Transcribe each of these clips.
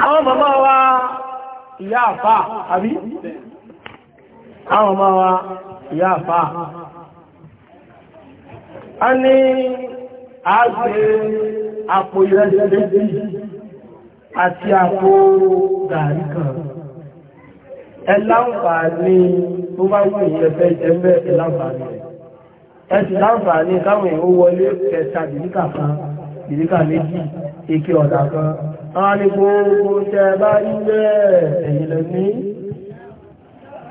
Àwọn màmá wa ìyá àfà, àbí? Àwọn màmá wa ìyá àfà. A ní àgbé àpò ìrẹsì àti àpò gàrí kan. Ẹláǹfà ní tó bá wù ní ẹfẹ́ ìjẹ́mẹ́ ẹláǹfà ní. Ẹ sì láǹfà ní káwọn èèyàn wọlé ẹ̀ta ìdíkà méjì ike ọ̀dà kan àwọn ní gbogbo tẹ bá rí bẹ́ẹ̀ ẹ̀yìn lẹ ní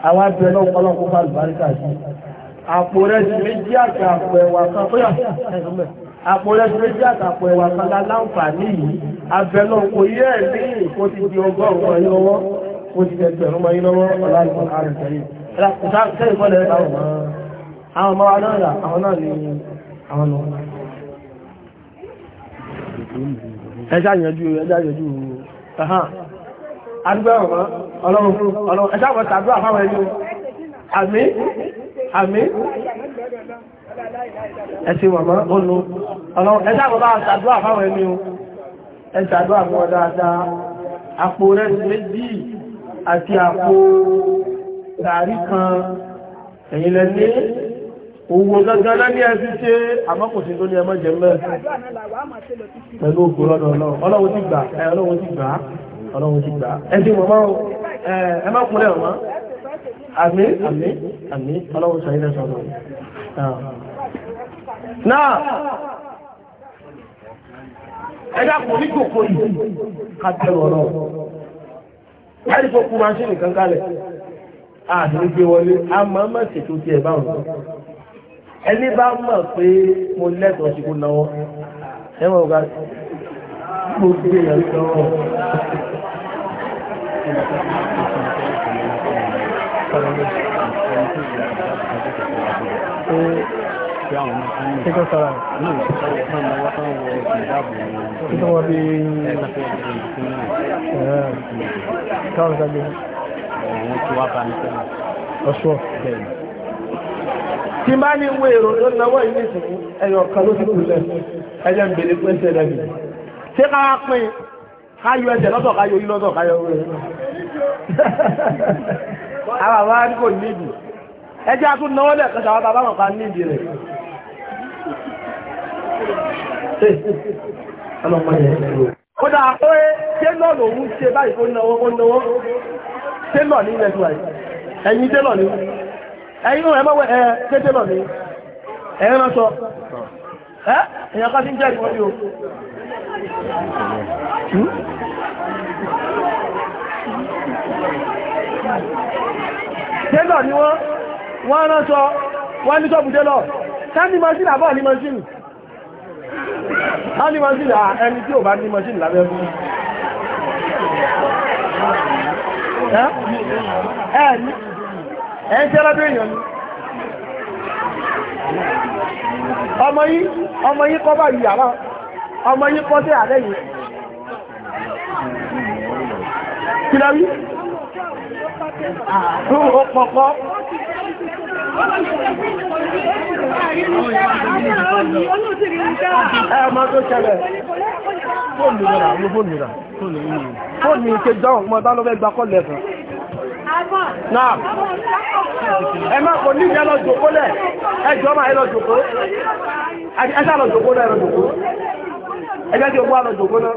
àwọn abẹ náà kọ́ lọ́kọ́ bá lùbáríkà sí àpò rẹ̀ sí méjì àti àpò ẹ̀wà kan fúyà àpò rẹ̀ sí méjì àti àpò ẹ̀wà kan láǹfààní yìí abẹ náà kò yẹ ẹ̀ ní kó ti di ọgọ́rùn-ún ọyún lọ́wọ́ kó ti tẹ̀gbẹ̀rún ọyún lọ́wọ́ ọ̀la ìfọ̀n àrùn tẹ̀lé àwọn ọmọ wa náà àwọn náà ni àwọn náà ẹ̀ṣá yanjú ẹ̀ṣá yanjú ẹ̀hán adúgbẹ́ ọ̀rọ̀ ọlọ́run fún ọlọ́run ẹ̀ṣá wọ́n sàdúrà fáwọn ẹni àmì àmì ẹ̀ṣẹ̀ wọ̀n mọ́ ọlọ́run ẹ̀ṣá wọ́n bá sàdúrà fáwọn ẹni ẹ̀ṣàdúrà fún ọ dáadáa àpò rẹ̀ méjì àti àpò gàrí kan ẹ̀yìn lẹ́ni Owó gangan lẹ́ni ẹ̀sí ṣe àmọ́kùnsí tó ní ẹmọ́ jẹ mẹ́. Pẹ̀lú ògbò lọ́dọ̀ ọlọ́run. Ọlọ́run ti gbà ẹ ọlọ́run ti gbà ọlọ́run ti gbà. Ẹ ti mọ̀ máa ń ẹ má kúnlẹ̀ ọ̀mọ́. Àmì àmì àmì ọlọ́run sọ ilẹ̀ sọ̀rọ̀. Náà ẹ dákun oníkòkò yìí ká bẹ̀rù ọlọ́run. Láìpẹ́ kú máa ń ṣe nìkan kalẹ̀. Àdìrí gbé wọlé, a máa ń má ṣètò tiẹ̀ báwọn ẹni bá mọ̀ pé mo lẹ́tọ̀ọ́ sí kó náwọ́ ẹwọ̀n ọ̀gá mo gbé èèyàn e lọ́wọ́ Títọ́ sára. Títọ́ wọ́n bí i káwọn ìgbàgbé. Ọ̀ṣọ́. Bẹ́ẹ̀ni. tí bá ní wo èrò tó náwó yìí nìsín ẹyọ kan ló ti kù lẹ ha ń ha pé ṣẹlẹ̀ mi ṣé ká pín ha yọ ha lọ́tọ̀ ha ha ha lọ́tọ̀ ha ha ha ha àwọn àwọn ha níbi ha atún ha ha ha bàbá ha ha níbi ha kódà pé ha lòun ṣe báyìí kó náwó kó náwó ha ní ilẹ̀ tó wáyé ha ha ha ẹ̀yìn náà ẹmọ́wẹ́ ẹ̀ tẹ́tẹ́ lọ ní ẹ̀yìn náà sọ ẹ́ èyàn ká sí ń jẹ́ ìwọ́n ní o tẹ́lọ̀ ni wọ́n wọ́n rán sọ wọ́n ní sọ́bù tẹ́lọ̀ sáàni mọ́sílì àbọ̀ ní mọ́sílì sáàni mọ́sílì ẹni tí ò bá ní mọ́sílì lábẹ́ fún ẹ́ ẹ̀ ń ṣe lọ́dún èèyàn ni ọmọ yí ọmọ yí kọ́ bá yìí yàrá ọmọ yí kọ́ sí àlẹ́ yìí kí lọ rí ààrùn ọpọ̀pọ̀ ẹ̀mọ́ tó ṣẹlẹ̀ fóònù rẹ̀ fóònù rẹ̀ fóònù ìṣẹ́jọ́ ọmọdá ló fẹ́ gbakọ́ náà ẹ máa kò níbi ẹlọ jòkó lẹ̀ ẹjọ́ máa ẹlọ jòkó ẹjá lọ jòkó náà ẹlọ jòkó ẹjá tí ó wá lọ jòkó náà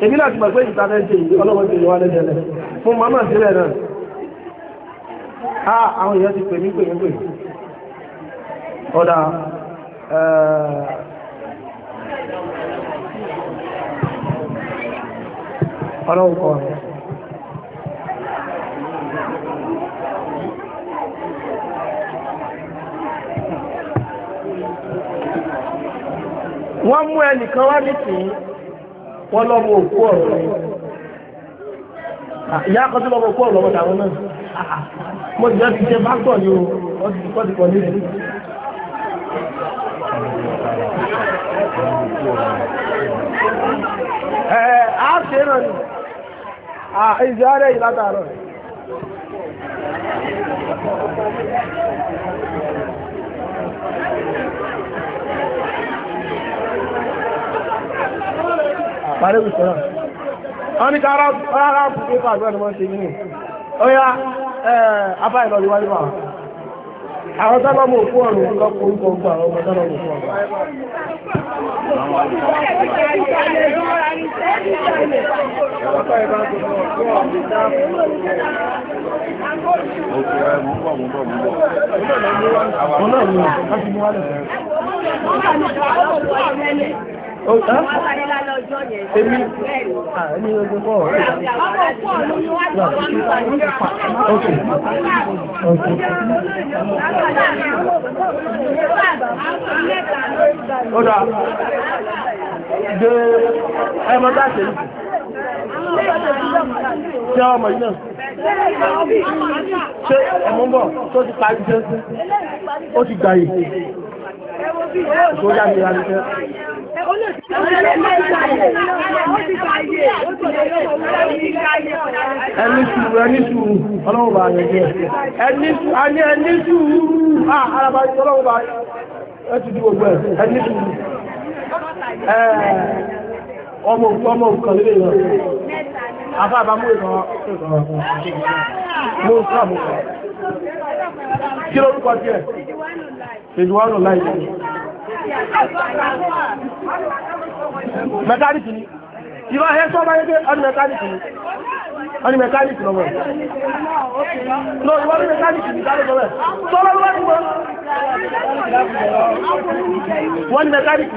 èmi náà ti mọ̀ pé ìta ṣe ìdí ọlọ́wọ́ ti wá lẹ́jẹ̀ sílẹ̀ náà ah, àwọn èèyàn ti pè mí pè mí pè ọ̀dà eh, ọlọ́wọ́ kọ̀ọ̀rọ̀ wọ́n mú ẹnìkan wá nìsín wọ́n oku òkú ọ̀rọ̀ ah, ìyá kan tó lọ́mọ òkú ọ̀rọ̀ náà mo ti jẹ́ ti o wọ́n ní kọ́ ti kọ́ parí ìṣẹ́lá wọ́n ní ká rárá púpọ̀ pàgbẹ́ ọ̀nà mọ́ ṣe yìí ó yá afá ìlọ́rí wà àwọn tọ́lọ́mù òkú ọ̀rùn ń lọ́pọ̀ orúkọ Ọ̀dà de Ṣé ọmọ bọ̀ tó ti parí jẹ́ sí? Ó ti gbàyè. Ìgbóyà ni a ẹni sùúrù ẹni sùúrù ọlọ́wọ́ bá yẹ jẹ́ ẹni sùúrù ẹni sùúrù àràbà ọlọ́wọ́ bá ẹ ti di gbogbo ẹni sùúrù ọmọ ọmọ nǹkan lè lọ afáàbá mú ìrọ̀ mú ìrọ̀ mú ìrọ̀ kí lórúkọ díẹ̀ ìdíwánù láìpẹ́ mẹkáníkì ni ìwà ẹ̀ sọ bá yẹ́ ọdún mẹkáníkì ni ọdún mẹkáníkì lọ́wọ́ ẹ̀ lọ ìwà ọdún mẹkáníkì ni dáre lọ́wọ́ ẹ̀ sọ́lọ́ lọ́wọ́ ti mọ́ wọ́n ni mẹkáníkì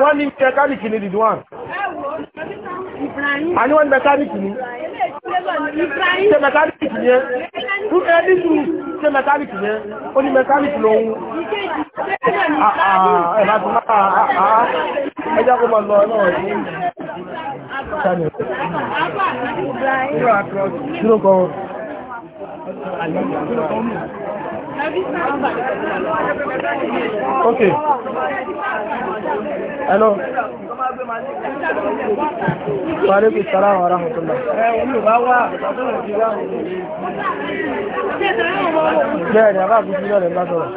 wọ́n ní mẹkáníkì ní Ridwan àní wọ́n ní mẹkáníkì ní ṣe mẹkáníkì ní ẹ́ ẹni sùn ṣe mẹkáníkì ní ẹ́ ó ní mẹkáníkì lóhun ẹjá kó máa lọ náà sí Kí ló kọ́? Ok. Hello. Wàlékún sàrà àwọn ará ọ̀tún náà. Bẹ́ẹ̀ ni, àbá àbújú náà lè bá sọ̀rọ̀.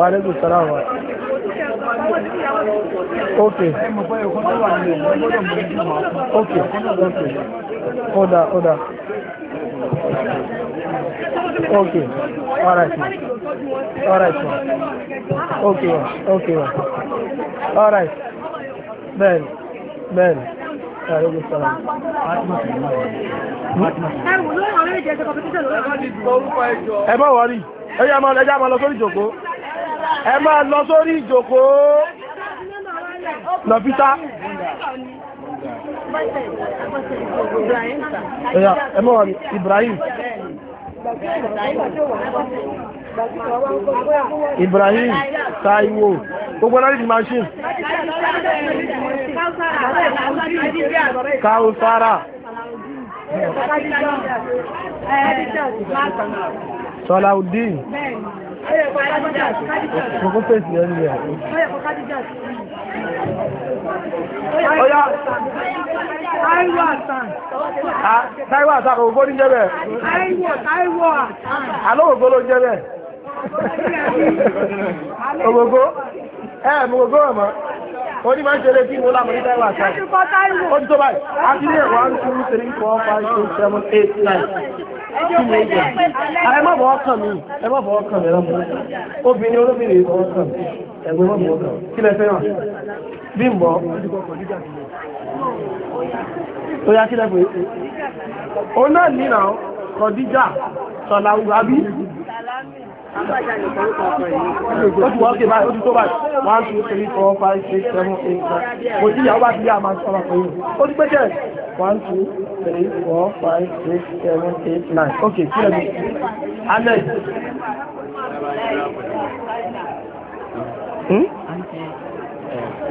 Wàlékún sàrà àwọn. Okay. Okay. Ok. Ó dá, ó dá ok all right ma all right ma ok ma ok ma all right bẹ́ẹ̀ni bẹ́ẹ̀ni ẹ̀rọ gbé sọ́ra. ẹ má wọrí ẹjá máa lọ sórí ìjòkó ẹ máa lọ sórí ìjòkó lọ pítá ẹ má wọrí Ibrahim. Ibrahim Taiwo gbogbo lórí machine Kausara Sọláudin Kòkó fèsì ẹni rẹ̀. Ọya. àtàn. Táíwò àtàn jẹ́ bẹ́ẹ̀. Táíwò àtàn. Àlọ́ ló jẹ́ bẹ́ẹ̀. Ògbógbó. Ẹ mú ọ̀mọ́. Ó ní máa ń ṣeré kí mo lámọ̀ ní Táíwò àtàn. Ó ti tó báyìí. A ti ní ẹ̀wọ̀n one two three four five six seven eight nine. Ẹ má bọ̀ ọkàn mi, ẹ má bọ̀ ọkàn mi lọ́mọ. Obìnrin olóbìnrin ọkàn mi, ẹ̀gbẹ́ má bọ̀ ọkàn mi. Kí lẹ fẹ́ràn? bí ń bọ́ ó yá kí lẹ́pẹ̀ ó náà nínà kọdíjà sọ̀lá àbí ó ti wọ́n ké báyìí ó ti tó báyìí one two three four five six seven eight nine kò sí ìyàwó bá ti yá àmà sọ́ra pẹ̀lú ó ti pé jẹ́ one two three four five six seven eight nine okay kí lẹ́nu alex. Hmm?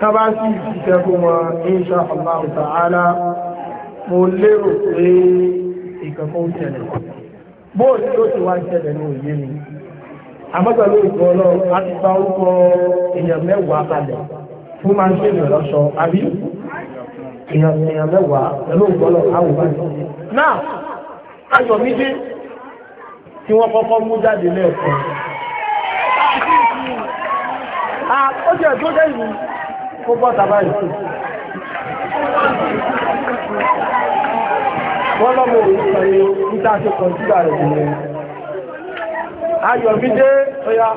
tábá sí ìṣiṣẹ́ fún wọn insha Allah ta'ala mo lérò pé ìkankan ó ṣẹlẹ̀ bóòlù tó ti wá ṣẹlẹ̀ ní òye mi àmọ́gbàlú ìgbọ́ ọlọ́run a ti bá orúkọ èèyàn mẹ́wàá kalẹ̀ fún máa ń ṣe ìrọ̀lọ́sọ àbí èèyàn mẹ́wàá pẹ̀lú ìgbọ́lọ̀ àwòrán náà ayọ̀ méjì tí wọ́n kọ́kọ́ mú jáde lẹ́ẹ̀kan ah, ó jẹ́ tó jẹ́ kó bọ́ta báyìí wọ́n lọ́mọ òyìnbọn ni níta ṣe kọ̀ǹtúrà rẹ̀ nìyẹn ayọ̀mídé ọya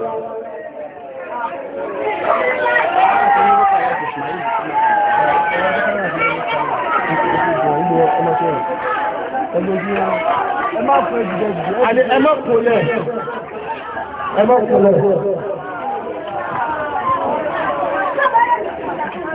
ẹ má kò lẹ̀ ẹ kò lẹ̀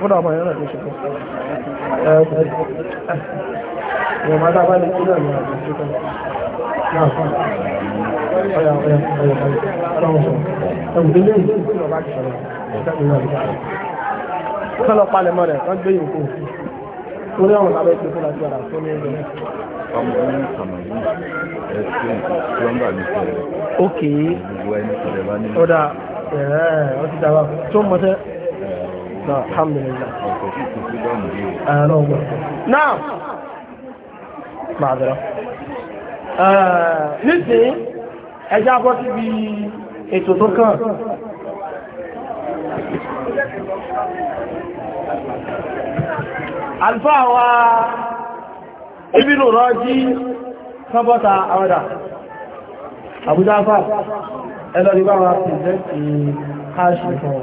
ó dà ọmọ yẹn náà ló ṣe kọ́ ìwọ̀n máa dábàá ní kílẹ̀ ní àgbà ṣe kọ́ náà fún ọyà ọyà ọyà ọyà ọyà ẹ̀wùn ilé ìlú ìlú ọba ti sọ̀rọ̀ ìdájọ́ náà ló dáa ó fẹ́ lọ palẹ̀ mọ́ rẹ̀ wọ́n gbé yìí kó torí àwọn lábẹ́ ìpè fún láti ọ̀rà tó ní ẹgbẹ́ náà. ọmọ ní kàmáyé ti dà tó mọ̀ sẹ́ náà alhamdulillah ọ̀pọ̀ tí kò sí dọ́ọ̀mù yìí o. ẹ̀rọ ọgbọ̀n náà màdàrà nísìnyí ẹjá bọ́ síbi ètò tó kàn àlùfáà wa Ibn Rajab sọ́bọ́ta àwọ́dà àbújá fà ẹlọ́dí bá wọn pìlẹ̀ ìkáṣì fún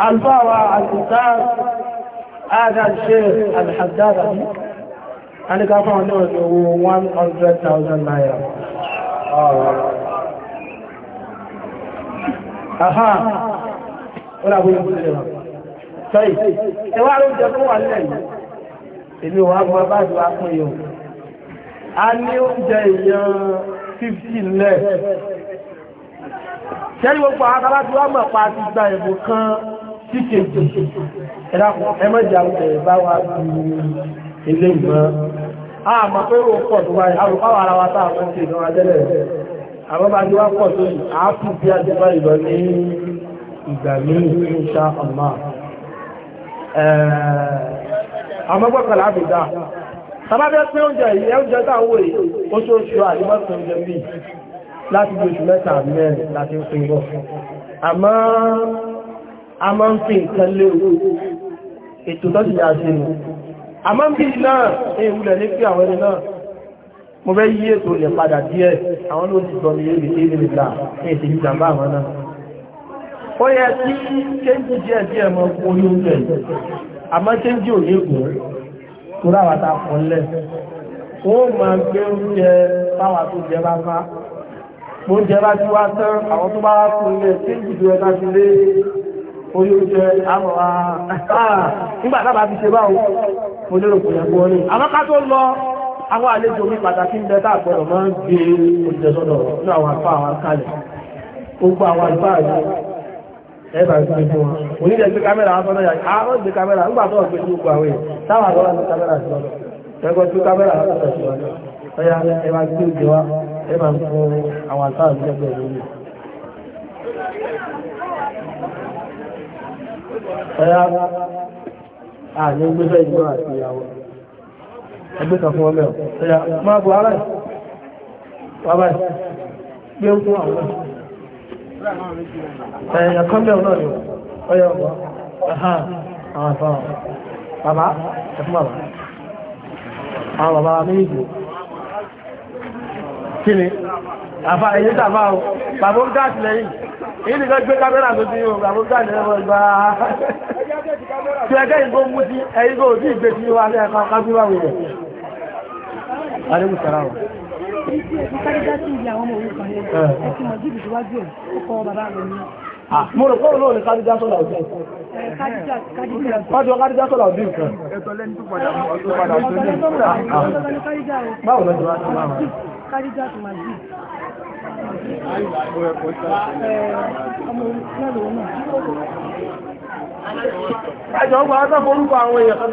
الباوى الأستاذ هذا الشيخ الحداد أنا كافة عنده 100,000 ليرة أها ولا أقول لك طيب سواء لو جابوا الليل èmi wà mọ́ bá jù يوم yóò a ní oúnjẹ èèyàn 15 lẹ́ ṣẹ́rí gbogbo àwọn akábájú wà mọ̀ sí kejì ẹ̀dàkùn ẹmọ́jà bá wá ilé ìmọ̀ àmà pé o pọ̀ tó wáyé alùpáwà ara wa táà fún sí ìdánwà tẹ́lẹ̀ àbọ́bá tí wá pọ̀ tó yìí àápù bí a ti ìlọ ní ìgbà míì insha Allah àmọ́gbọ́kànlá àbìdá tàbábẹ́ pé oúnjẹ yìí oúnjẹ oúnjẹ bíi láti a máa ń fi nǹkan lé ètò tọ́jú àti nù a máa ń bí náà ewúlẹ̀ ní pé àwọn ẹni náà mo fẹ́ yí ètò ilẹ̀ padà díẹ̀ àwọn ló ti sọ ní èdè tí èdè ìgbà ní èdè ìjàmbá àwọn náà ó yẹ kí kéńjì díẹ̀ díẹ̀ mọ́ orí oúnjẹ àmọ́ kéńjì ò ní ègbò tó ráwà ta pọ̀ lẹ̀ ó máa gbé oúnjẹ táwà bá ti wá tán àwọn tó bá wá fún ilẹ̀ kéńjì tó yẹ orí oúnjẹ àmọ́ ah, ah, nígbà tábà fi àwọn àlejò mi pàtàkì ń bẹ tá máa ń gbé oúnjẹ ní àwọn àlùfáà àwọn kalẹ̀ gbogbo àwọn àlùfáà yìí ẹ̀bà ìgbé fún wọn onílẹ̀ gbé kámẹ́rà wọn sọ́dọ̀ yàrá àwọn gbé kámẹ́rà ọ̀yá ẹgbẹ́ kan fún ọmọ ẹ̀ ọ̀yá máa bọ̀ ara ẹ̀ bàbá ẹ̀ gbé ń fún àwọn ẹ̀yà kan bẹ̀rù náà ni ọ̀yá ọ̀gbọ́n ẹ̀hán àwọn àfọwọ́ bàbá ẹ̀fún bàbá àwọn bàbá méjì kí ni àfa ẹ̀yẹ́ tàbá o bàbá ó dá àtìlẹ́yìn èyí nìkan gbé kámẹ́rà tó ti yóò àwọn gbàdé ẹ̀rọ ìgbà tí ẹgbẹ́ ìgbó mú sí ẹ̀yìn kò tí ìgbé sí wa ní ẹ̀ka kábíwá wèrè. Adéhùn sara o. Ah, mo rò pé olóò ní Kádíjá sọ̀rọ̀ àwùjọ. Kádíjá Kádíjá sọ̀rọ̀ àwùjọ nǹkan. Ẹ̀tọ́ tó padà mú ọdún padà tó ní. Báwo lọ́jọ́ wá sí máa Àjọ ọgbà ọ́tọ́fọ́ orúkọ àwọn èèyàn kan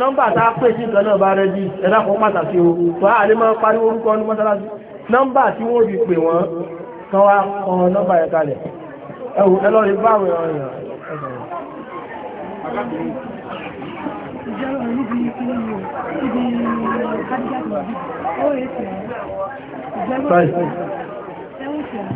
nọ́mbà tá pè sí ìkan bá rẹ̀ ẹ̀dá kan pàtàkì o. Wà máa pariwo orúkọ ní mọ́sálásí. Nọ́mbà tí wọ́n rí pè wọ́n kan wá nọ́mbà yẹn kalẹ̀. Ẹ̀wù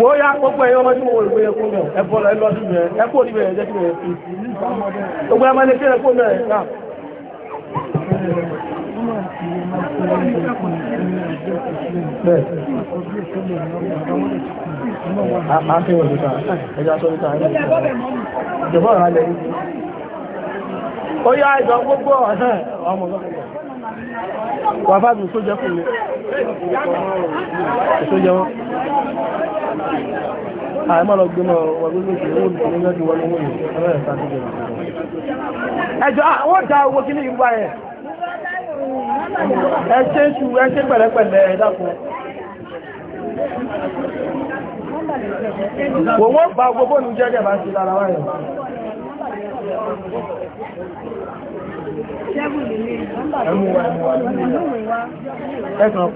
wo ya gbogbo ẹ̀yọ́ ọmọdé wo ìwé ẹkú mọ̀ ẹ̀fọ́ lọ sí rẹ̀ ẹkú ní bẹ̀rẹ̀ kí bẹ̀rẹ̀ fi gbogbo ẹmọ ilé kéré kó náà Ó yá ìjọ gbogbo ọ̀sán ọmọ ọ̀sán wà fáàbì tó jẹ́ fún mi tó jẹ́ wọ́n àì má lọ gbé náà wà gbé lóṣù owó nìkan ní lẹ́dí wọn lówó yìí ọlọ́rẹ̀ ẹ̀ta ẹjọ́ wọ́n da owó kí ní ìgbà ẹ̀ ẹ ṣe ń pẹ̀lẹ́pẹ̀lẹ́ ẹ ẹ̀kàn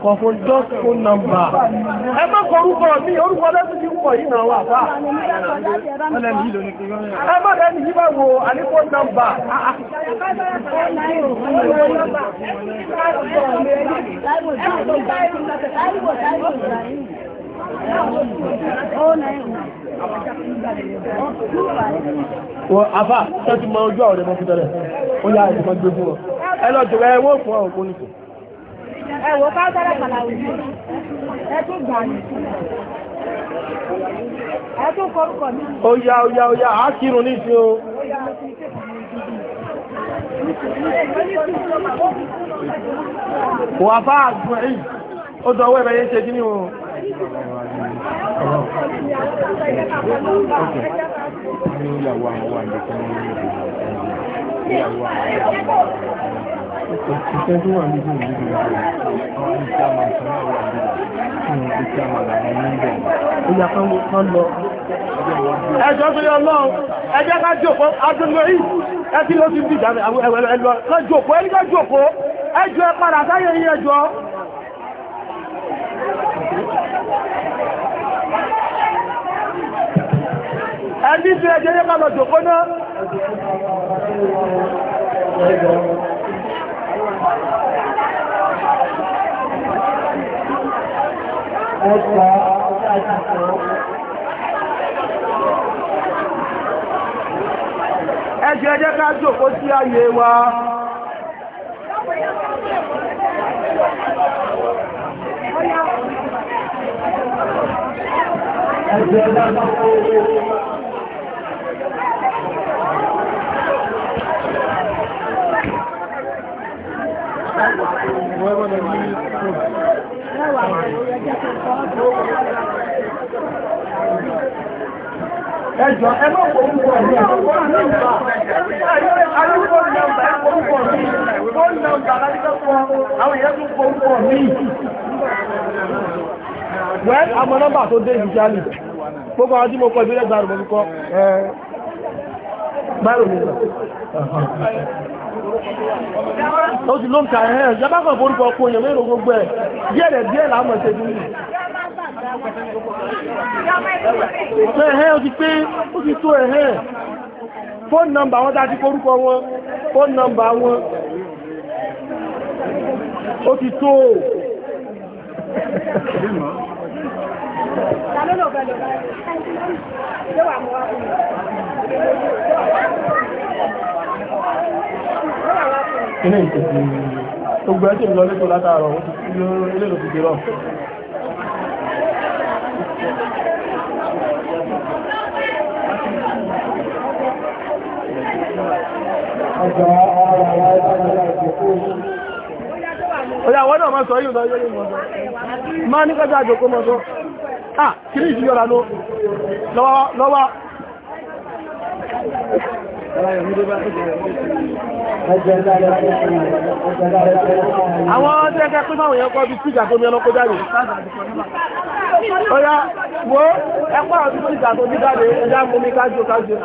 kan fún just phone number ẹ má kọ orúkọ mi orúkọ lẹ́sùn ti pọ̀ yìí náà wà fà ẹ má lẹ́nu yìí bá wo àníkó nọ́mbà Thank àfà tó ti mọ ojú àwọn ọ̀rẹ́ mọ́ fi tẹ́lẹ̀ ó yá ẹ̀sìn kan gbé fún ọ ẹ lọ jùlọ ẹ wọ́n fún ọ òkú nìkan. ẹ wò ká sára ẹ tún gbà ní ẹ tún ó yá ó yá ó yá á kírun ní o. wàá bá ó sọ owó ẹ̀rọ ṣe kí o. ìyàwó àwọn wà ní kí wọ́n ní ìyàwó àwọn wà ìṣẹ́ tó wà nínú ìlú ìlú àwọn ìṣẹ́ àmà ìṣẹ́ wà nínú fún ìṣẹ́ àmà làwọn ní ìbẹ̀. ó yà kán kán lọ. ẹjọ́ tó yọ lọ́wọ́ ẹjẹ́ ká jòkó adúlọ yìí ẹ ti lọ sí ibi ìdáná ẹ̀wẹ̀lẹ̀ ẹ̀lọ́ lọ́jọ́kó ẹ̀jọ́ ẹ̀pàdà sáyẹ̀ yẹn ẹjọ́. nífẹ́ ẹjẹ́ yẹ́ ká lọ jòkó náà Ẹgbà ọjọ́ àjẹ́kọ̀ọ́. ẹjẹ́ ẹjẹ́ ká jòkó sí ayé wa ẹjẹ́ ẹjẹ́ Ẹjọ́ ẹgbẹ́ òkúrúkọ ní ọ̀pọ̀ nọ́mbà, alúgbò nọ́mbà ẹgbẹ́kọ̀ ní, fóònù nọ́mbà alájọ́pọ̀ àwọn ìyẹ́kùn kòrúkọ ní. Wẹ́n àmọ́ nọ́mbà tó dé ìjálì, gbogbo àwọn tí mo kọ ìbílẹ̀ gbàrùn mọ́ ó ti ló ń ka ẹ̀hẹ́ ìjọba kan forúkọ kó yẹn mẹ́rin gbogbo ẹ̀ díẹ̀ díẹ̀ láàmú ẹ̀ṣẹ̀ bí ẹ̀hẹ́ ó ti pé ó ti tó ẹ̀hẹ́ fóònù nọ́mbà wọn tá a ti forúkọ wọn fóònù nọ́mbà wọn ó ti tó Thank you ilé ìtòsí gbogbo ẹ́ tí mi lọ lẹ́tọ̀ látàárọ̀ ilé ìlò fìdí rọ̀ Oya àwọn náà máa sọ yìí lọ yóò mọ́ sọ. Máa ní kọjá àjòkó mọ́ sọ. Ah, kìí ìṣíyọ́ra lọ́wọ́ Àwọn tẹ́kẹ́ pín máa wòyàn kọ́ bí tíjà tó ní ọlọ́kọ́ jáde. Ọya, wo ẹ̀pọ̀ àwọn tó tíjà tó ní jáde ẹjá mú ní kájò kájò.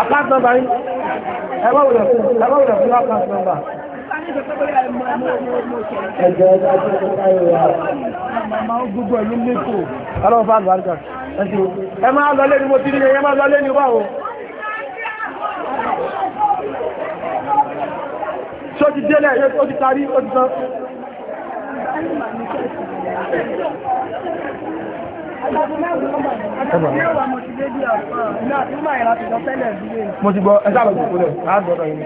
Account number yìí, ẹgbẹ́ òwúrẹ̀ fún, ẹgbẹ́ òwúrẹ̀ fún account number. Ẹjọ́ ẹjọ́ tó ń bá yóò wá. Màmá ó gbogbo ẹ̀lú lẹ́kọ̀ọ́. Ọlọ́run fún àgbàríkà ẹ máa lọlé ni mo ti ní ẹ máa lọlé ni báwo ṣó ti délẹ̀ ó ti tarí ó ti tán Mo ti gbọ́ ẹjá lọ jùkú lẹ̀, a gbọ́dọ̀ yìí.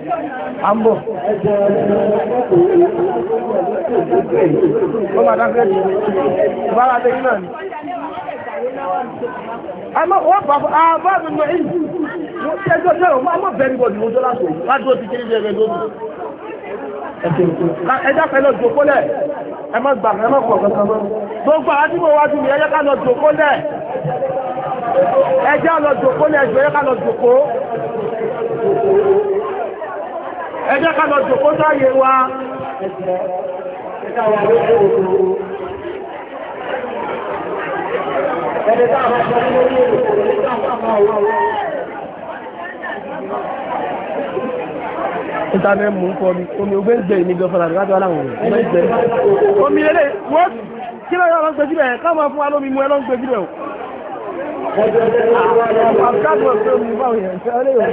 A ń bọ̀. Ó máa dákẹ́ jù. Ìbára tẹ́yìn náà ni àmọ́ wọ́n ah, bá fún àbá mi ìlú wọ́n ẹjọ́ sẹ́wọ̀ wọ́n mọ̀ bẹ́ẹ̀ níbọ̀ ìwọ́n tó láti òun láti ó kiri bí ẹgbẹ́ ẹjá fẹ́ jòkó lẹ̀ ẹ má gbà ẹ má pọ̀ kankan gbogbo àwọn tí mo mi ẹjẹ́ ká jòkó lẹ̀ ẹjẹ́ lọ jòkó lẹ̀ ẹjẹ́ ká jòkó. ẹjẹ́ ká jòkó sáyé wa. Ìta mẹ́ mú ń fọ́ mi, omi ogbé ń gbé ìní gan fọ́nà àdúgbàtí wà láwọn òun, omi gbé. Omi lélẹ̀, wọ́n kí lọ́yọ́ ọlọ́ ń gbé síbẹ̀, káàmà fún alómi mú ẹlọ́ ń gbé síbẹ̀ o. Àkáàbọ̀ pé omi báwọn èèyàn ṣe ọlẹ́ ìwọ̀n.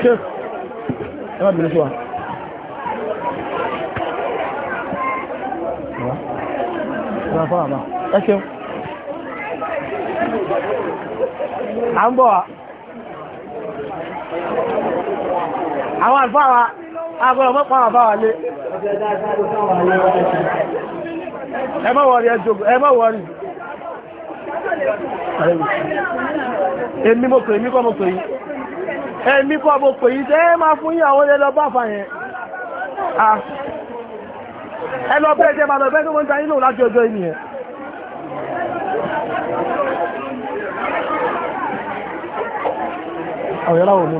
Ṣé ẹ̀rọ bìnrin fún wa? ìtura fún àbá ẹ ṣeun à ń bọ̀ wá àwọn àlùfáà wa agbọ́dọ̀ mọ́ pàwọn àbá wa lé ẹ má wọrí ẹ má wọrí èmi mo pè mí kọ́ mo pè yí èmi kọ́ mo pè yí tẹ́ máa fún yí àwọn ilẹ̀ lọ bá fà yẹn ẹ lọ bẹ́ẹ̀ jẹ́ máa lọ bẹ́ẹ̀ tó wọ́n ń ta yín lòun láti ọjọ́ ìnìyẹn. àwọn yàrá òun mú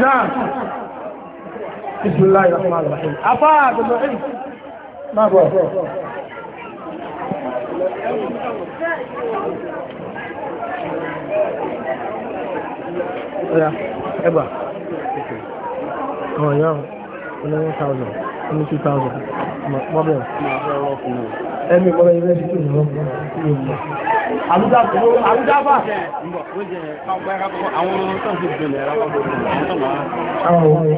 náà bismillahir rahmanir rahim afá àgbẹ̀lẹ̀ ẹ̀yìn Ọ̀yá, ẹgbà. Àwọn ìyá ọ̀nà 1,000, ní 2,000, mọ́bẹ̀. Ẹni mọ́bẹ̀ ilé ṣe kí ìrọ̀ Àrúdáfà. Àwọn ohun tó ń fi jùlẹ̀ rápapọ̀. Àwọn ohun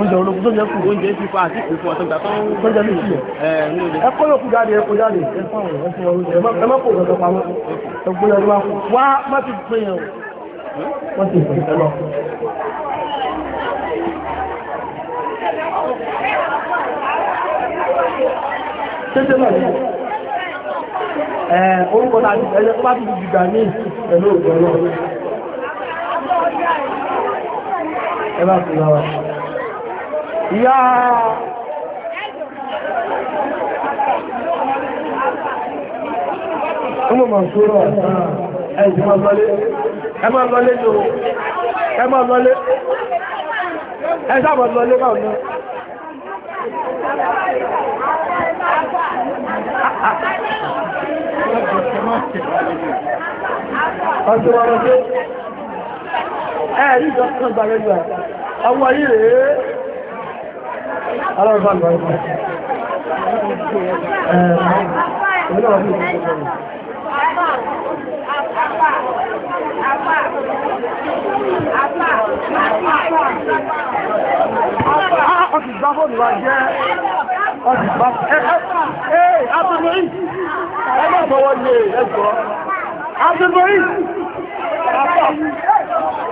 oúnjẹ ológun tó jẹ́ kù oúnjẹ ti fa àti ìkòkò ọ̀tọ̀gbà tó ń tó jẹ́ lóṣù ẹ̀ ẹ̀kọ́ kú jáde ẹ̀kọ́ jáde ẹ má kó ọ̀dọ̀ pamọ́ ẹ̀kọ́ yẹn wá kú wá má ti pé yẹn o wọ́n ti pè é lọ. tètè náà ni orúkọ náà ti ẹ̀yẹ tó bá ti di gbìgbà ní pẹ̀lú òògùn náà ẹ bá fi lọ́wọ́. يا ọmọ mọ̀sọ́rọ̀ ẹ̀jẹ̀ máa lọlé ẹ máa lọlé lò ẹ máa lọlé ẹ sáàmà lọlé máa lọ ọjọ́ ọ̀rọ̀ tó ẹ̀rí kan gbàrẹ́gbà ọwọ́ yìí rèé Ọlọ́run bá lọ́wọ́. Ọ̀sì gbá fóònù wa jẹ́ ọ̀sì gbá ẹ̀ẹ́ Abdullahi ẹgbẹ́ ọ̀bọ̀wọ́ lè ẹgbọ́ Abdullahi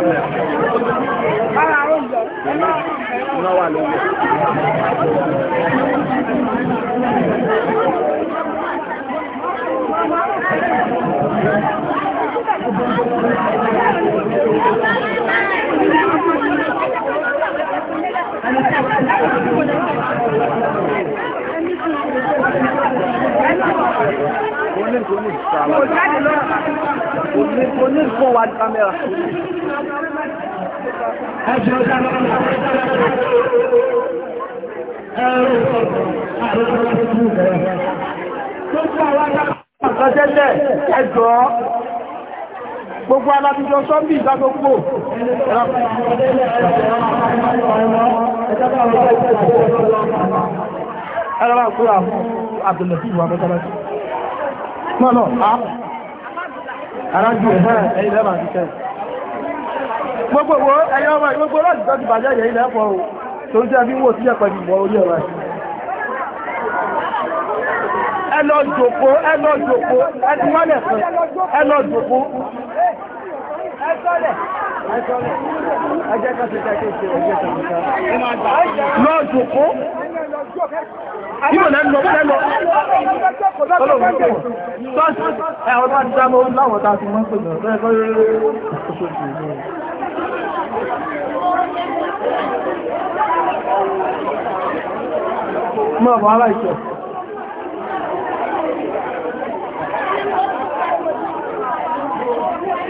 Iná wà lórí. Thank you onífowó kámẹ́rà. Àkọsẹ́lẹ̀ ẹjọ́ gbogbo alábíjọ sọ́bí ìdágbogbo ẹ̀rọ àkúrà àbùlẹ̀ sí ìwà mẹ́tàlá. Náà náà, arájú ẹ̀ ẹ̀yìn lẹ́mà ti tẹ́ gbogbo owó ẹ̀yọ́ ọmọ ìgbogbo láti tọ́jú bàjẹ́ ẹ̀yìn lẹ́pọ̀ o tó jẹ́ bí wò síyẹ̀ pẹ̀lú ìwọ̀ orí ẹ̀rọ ẹlọ jòkó ẹlọ jòkó ẹtí wọ́n lẹ̀ fún ẹlọ jòkó lọ jòkó Ibò Mọ̀ bọ̀ ara ìṣẹ̀.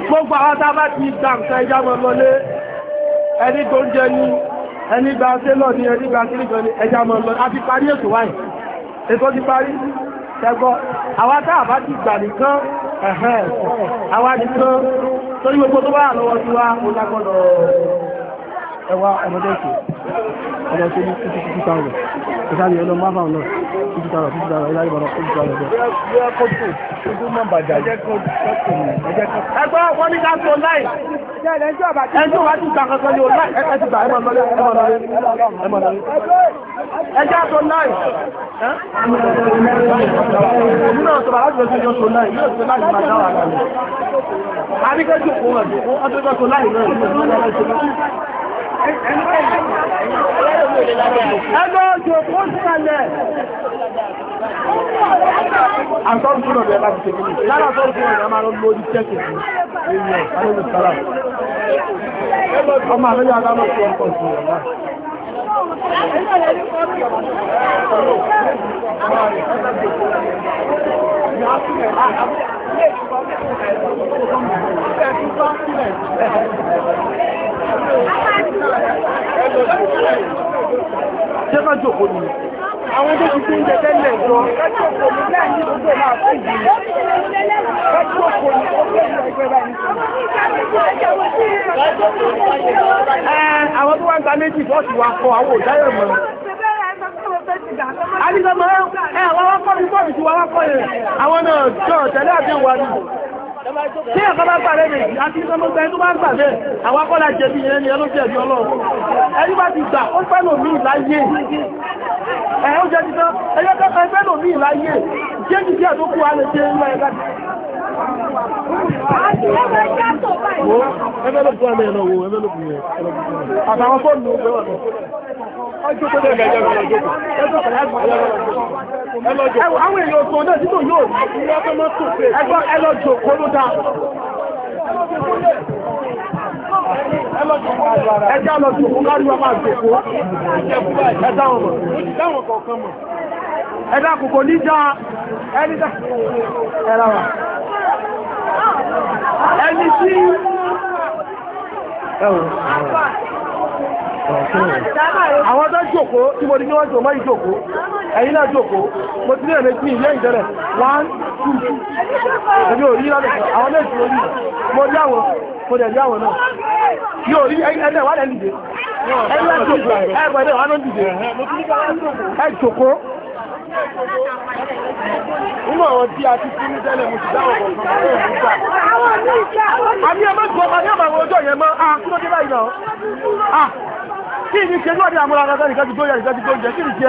Gbogbo àwọn tá bá ti gbà nǹkan ẹni tó ń jẹ ní ẹni gba sẹ́lọ̀ ní ẹni gba sílìjọ ní ẹja mọ̀ lọ láti parí ètò wáyìí ètò ti parí tẹ́gbọ́ àwa tá àbá ti gbà nìkan ẹ̀hẹ́n àwa nìkan torí gbogbo tó bá lọ́wọ́ sí wa ó lágbọ́dọ̀ ẹwà ọmọdé ìṣòro ọlọ tó ní fifty fifty thousand ìsáàlì ọlọ má bá ọlọ fifty thousand fifty thousand ìlàrí bọ̀rọ̀ fifty thousand bẹ́ẹ̀. bóyá kó tó ojú mọ́ bàjá ẹjẹ́ kó tó ẹjẹ́ kó. ẹgbẹ́ wọn ní ká tó láì ẹjọ́ wa ti gbà kankan ní o láì ẹ̀ka ti gbà ẹ̀ mọ̀ lọ́lẹ́ ẹ̀ mọ̀ lọ́lẹ́ ẹ̀ mọ̀ lọ́lẹ́ ẹjẹ́ tó láì. èmi náà sọ̀rọ̀ láti lọ́sọ̀ ẹjọ́ tó láì yóò tó láì máa dáwà kan. àríkẹ́jù kò wọ̀n tó Ẹgbẹ́ òjò kó sílẹ̀. Àtọ́rù fún ọ̀dọ̀ láti ṣe kìí. Lára àtọ́rù fún ọ̀dọ̀ máa ń lo orí tẹ́kì sí èèyàn alẹ́lẹ́ sára. Ọmọ àlẹ́yà adámọ́ sí ọkọ̀ sí ọ̀la. Thank you ṣé ká jòkó ni àwọn tó ti tún jẹ́jẹ́ lẹ̀ jọ kájú òkò ní lẹ́yìn ní gbogbo máa fún ìdí kájú òkò ní ọgbẹ́ ìgbẹ́ báyìí. àwọn tó wá ń gba méjì bọ́ọ̀sì wa kọ àwọn òjáyọ̀ mọ́ àdìgbà mọ́ ẹ àwọn wákọ́ ní bọ́ọ̀lù tí wọ́n wákọ́ yẹn àwọn náà jọ tẹ̀lé àdéhùn wa nù tí ẹ̀kọ́ bá gbà lẹ́yìn èyí àti ìsọmọgbà ẹni tó bá gbà bẹ́ẹ̀ àwọn akọ́lá jẹ̀bi ẹni ẹló jẹ̀bi ọlọ́run ẹni bá ti gbà ó fẹ́lò mí láyé ẹ̀ ó jẹ́ ti tán ẹyẹ kẹ́kọ̀ọ́ fẹ́lò mí láyé jẹ́ ti díẹ̀ tó kú alẹ́ jẹ́ ilé ẹ̀ka Àtàwọn fóònù ló fẹ́ lọ. Ọjọ́ tó dẹ̀ gẹ̀ẹ́jọ́ ẹwọ àwọn èèyàn tó náà títò yóò ẹgbọ́ ẹlọ́jọ kó ló dá ẹjá lọ́jọ kó káríwá máa jòkó ẹjá ọmọ ẹjá kòkò níjà ẹnìjà ẹ̀rọ̀wà ẹni tí ẹwọ àwọn tó jòkó tí mo ní kí wọ́n jò mọ́ ìjòkó ẹ̀yìn náà jòkó mo ti ní ẹ̀lẹ́ tí ilé ìjẹ́rẹ̀ 1 2 èmi ò rí lọ́dọ̀ àwọn méjì orí mo rí àwọn mo dẹ̀ rí àwọn náà yóò rí ẹ̀dẹ̀ wà lẹ́nu dìde ẹ̀yìn náà jòkó ẹ̀gbẹ̀dẹ̀ wà lẹ́nu dìde ẹ̀ jòkó nínú àwọn tí a ti fi ní tẹ́lẹ̀ mo ti dáwọ̀ kọ̀ọ̀kan tó ń gbà. àwọn mi ìjà àwọn mi. àbí ẹ má gbọ́ àbí ọ̀bàwọ̀ ọjọ́ yẹn mọ́ a ah, kí ló dé báyìí náà. Ah kí ni ṣe lóde àmúra kankan nìkan ti gbóyè nìkan ti gbóyè kí ni ṣe.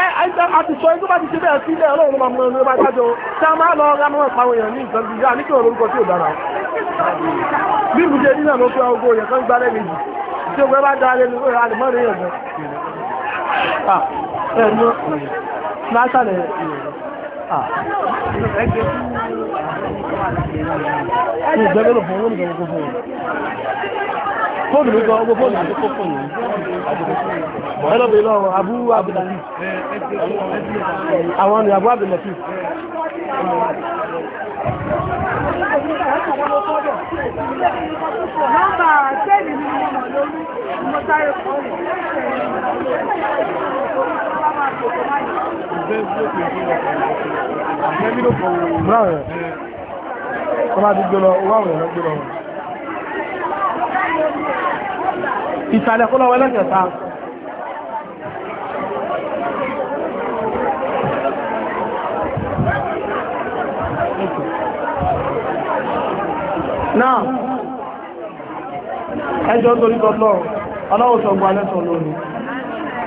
ẹ àìsàn àti sọ ikú bá ti ṣe bẹ́ẹ̀ sí ilé ọlọ́run máa mú ẹni ló bá dájọ́ tá a máa lọ ra mọ́ ìpàwọn èèyàn ní nǹkan bíi yá ní kí òun lórúkọ tí ò dára. bí ibùdó ẹni náà ló fi ọgọ èèyàn kan gbá lẹ́yìn jù tí ó gbé bá dára lẹ́nu lórí àlùmọ́ọ̀rẹ́ yẹn gan. ẹ̀ẹ́dùn ní ìgbẹ́gbẹ́lò fún owó nìkan gbogbo fún fóònù mi kan fóònù mi kó fóònù ẹlọ́bẹ̀ ilọ́ àwọn abú abdulatif àwọn ni abú abdulatif nọ́mbà tẹ́lì ni mo mọ̀ lórí mo sáré kọ́ Brown ọba ti gbé lọ owó àwọn èèyàn gbé lọ wọn. ìsàlẹ̀ kó lọ́wọ́ ẹlẹ́kẹ̀ẹ́ta náà ẹjọ́ torí tọ́lọ́ ọlọ́wọ́ sọ gbọ́ alẹ́sọ lórí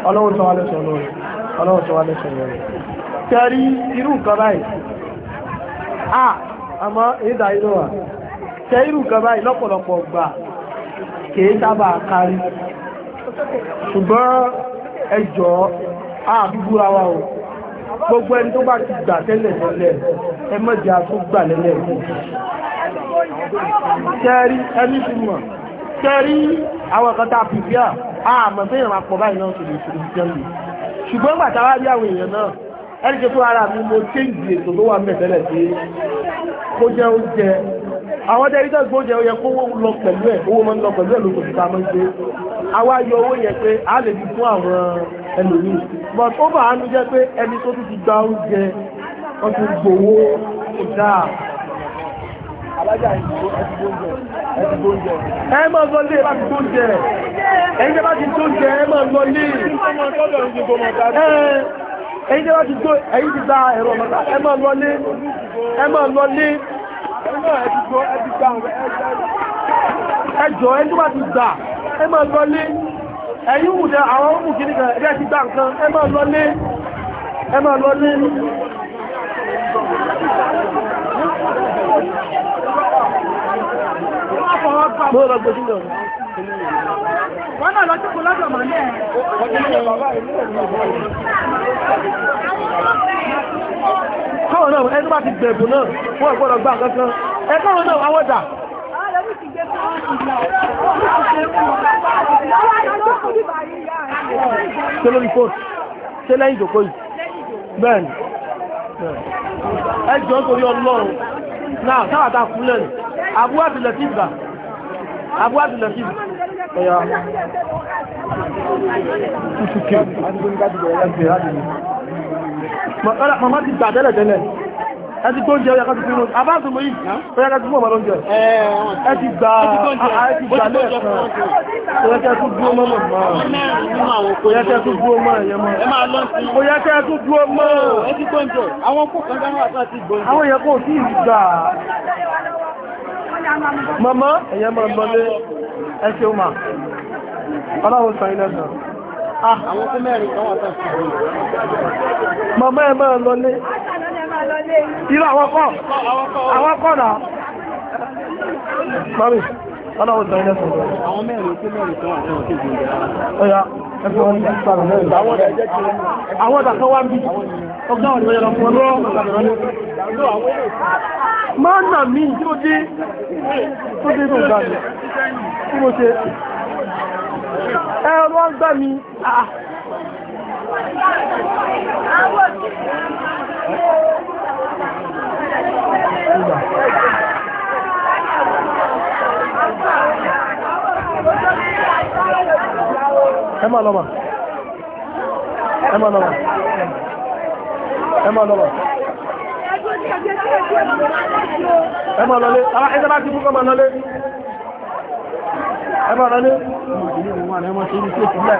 ọlọ́wọ́ sọ alẹ́sọ lórí ọlọ́wọ́ sọ alẹ́sọ lórí tẹ́rí irú nǹkan báyìí àmọ́ ìdá inú wa ṣe irú kan báyìí lọ́pọ̀lọpọ̀ gbà kìí sábà kárí ṣùgbọ́n ẹjọ́ àbúgbúra wa o gbogbo ẹni tó bá ti gbà tẹ́lẹ̀ lọ́lẹ̀ ẹ mọ́jẹ́ a tó gbà lẹ́lẹ̀ kẹrí ẹni tí mọ̀ kẹrí àwọn kan tá a fi bí à àmọ́ fẹ́yàn àpọ̀ báyìí ṣùgbọ́n gbà rí àwọn èèyàn náà ẹni ṣe ara mi mo chéǹjì ètò tó wà mẹ́tẹ́lẹ̀ sí kó jẹ́ oúnjẹ àwọn ọdẹ ìjọ ìgbóúnjẹ ó yẹ kó owó lọ pẹ̀lú ẹ̀ owó máa ń lọ pẹ̀lú ẹ̀ lóko tó ta ṣe àwa owó yẹn pé a lè fi fún àwọn but ó bàá nu jẹ́ pé ẹni tó tún ti ti gbowó kò dáa alájà ẹ máa lọ lé bá ti tó jẹ ẹ̀yin tẹ́ bá ti tó jẹ ẹ lọ lé ẹ̀yí tẹ́ bá ti tó ẹ̀yí ti ta ẹ̀rọ ọ̀mọ̀ta ẹ máa lọlé ẹ máa lọlé ẹjọ́ ẹni bá ti gbà ẹ máa lọlé ẹ̀yí wù ní àwọn ọmọ kìíní kan ẹgbẹ́ ti gbà nǹkan ẹ máa lọlé ẹ máa lọlé Mo rọ̀ gbogbo ọ̀rọ̀ wọ́n náà lọ sí kò lọ́dọ̀ mọ́ lẹ́ẹ̀. káwọn náà ẹni bá ti gbẹ̀bù náà wọ́n gbọ́dọ̀ gbà kankan ẹ káwọn náà àwọn dà. ṣé lórí fóònù ṣé lẹ́yìn ìjòkó yìí bẹ́ẹ̀ ni ẹ jọ nítorí ọlọ́run náà sáwàtà kúlẹ̀ ni àbúrò àtìlẹ́tì ìgbà abu abdullahi ọ̀yà ìtùkẹ́ mọ̀mọ́ ti gbà tẹ́lẹ̀ tẹ́lẹ̀ ẹ ti gbóúnjẹ ọ̀yà kan ti fínú abáàtù mú yìí ọ̀yà kan ti fún ọmọ lóúnjẹ ẹ ti gbà lẹ́ẹ̀kan ó yẹ kẹ́ tún dúró mọ́ ẹ̀yẹ mọ́ ó yẹ kẹ́ tún dúró mọ́ ó yẹ kẹ́ tún dúró mọ́ mọ̀mọ́ ẹ̀yẹ mọ̀ lọlé ẹ̀ṣẹ́ ọmọ ọlọ́run sọ ilẹ̀ sọ ah. àwọn tó mẹ́rin kan wà tán mọ̀mọ́ ẹ̀ mọ̀ lọlé irú àwọn kọ́ àwọn kọ́ náà mọ́rin ọlọ́run sọ ilẹ̀ sọ àwọn mẹ́rin tó mẹ́rin kan wà tán kéjì ìjẹ́ àwọn ọ̀dà kan wá ń bí ọgbọ́n ọ̀dà kan wá ń bí máa nà mí tí ó dé tó dé tó gbà mí tí mo ṣe ẹ̀rọ wọ́n gbà mí ẹ máa lọ́mà ẹ máa lọ́mà ẹ ẹ máa lọlé ẹgbẹ́ bá ti fún kọ́mọ lọlé ẹ máa lọlé ẹ máa ṣe ibi tí ó ti lẹ̀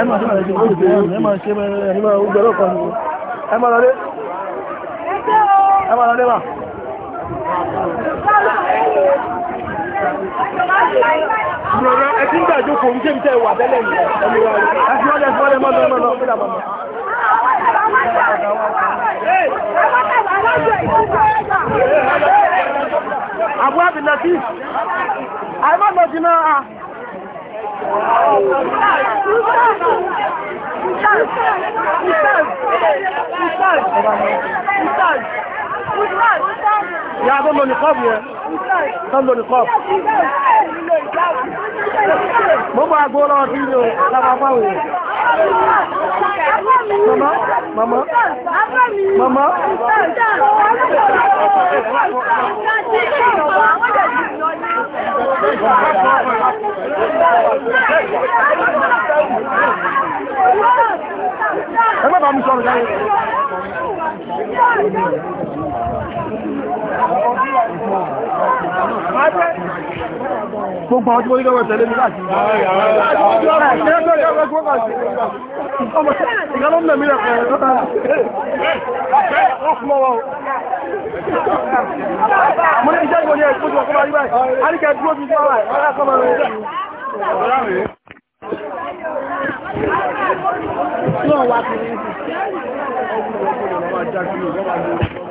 ẹ máa ṣe bẹ̀rẹ̀ sí oúnjẹ ẹ máa ṣe bẹ̀rẹ̀ ẹ máa oúnjẹ lọ́kọ̀ ni ẹ máa lọlé ẹ máa lọlé mà. Ìrọ̀rọ̀ ẹ ti ń gbàjókòó ń jẹ́ mi tẹ́ wà tẹ́lẹ̀ yìí. Ẹ fi wọ́n lẹ́ fi wọ́n lẹ́ mọ́ lọ́ mọ́ lọ́ fún ìdàbọ̀ mọ́. àti àìmọ́gbọ̀n jìnà à. Ìyá tó lò ní kọ́ọ̀bù yẹn, tó lò ní kọ́ọ̀bù. Gbogbo àgbò lọ́wọ́ tí ó lábàbáwò yẹn. Mama, mama, mama. Ẹ má bàa mi sọ̀rọ̀ jáde. Gbogbo àwọn tí mo ní lọ́wọ́ tẹ̀lé mi láti Náà wá kìí ní ìsìn. Ọgbùn ọgbùn ọmọ ajá kìí ọmọ ajá.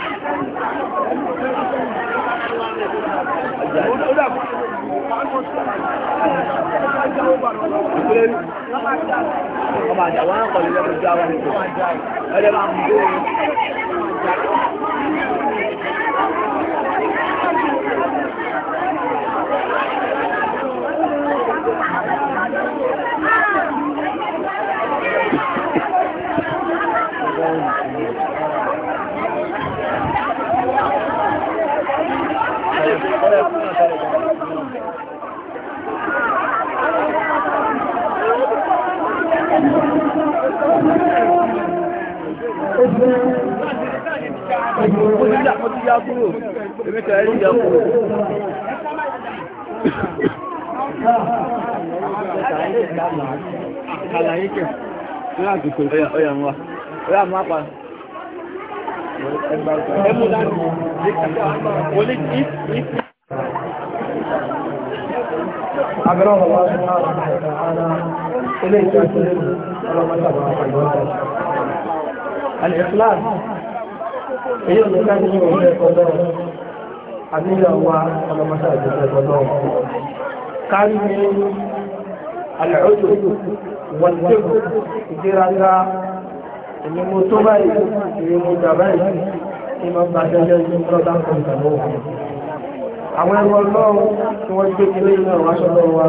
Ọmọ àjàwọ́ ń kọ̀ lórí ẹgbẹ́ àwọn ènìyàn. Ẹgbẹ́ máa ń gbé Mo ti yá, mo ti yá kúrò, èmi kẹ̀ ẹ́ yá kúrò. Àlàyé kẹ̀, láti kò sí ọ̀yà wa, ọ̀yà máa pa. Ẹ mú dání, mo ní kí, ní kí abẹ́rẹ́ ọ̀rọ̀ wọn ní àwọn ará ilé ìjọ ìṣẹ́lẹ̀ ọlọ́mọdé àwọn àgbẹ̀wọ̀n alẹ́kùnlá èyí ò ní ká nínú ilé ẹ̀kọ́ náà àníyàn wa ọlọ́mọdé àgbẹ̀wọ̀n ẹ̀kọ́ náà kárí ní alẹ́ọ̀dọ̀ wọ́n tẹ́kù ìdíraga ìmú tó báyìí ìmú dàbáyìí ìmọ̀ bàjẹ́jẹ́ ìmú rọ́dá kọ̀ọ̀kan náà àwọn ẹrù ọlọ́run tí wọ́n gbé kílé iná wáṣọ lọ́wọ́ wa